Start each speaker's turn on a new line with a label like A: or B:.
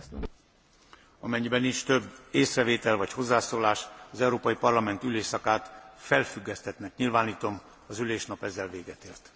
A: foglalkoznunk.
B: Amennyiben nincs több észrevétel vagy hozzászólás, az Európai Parlament ülésszakát felfüggesztettnek nyilvántom az ülésnap ezzel véget ért.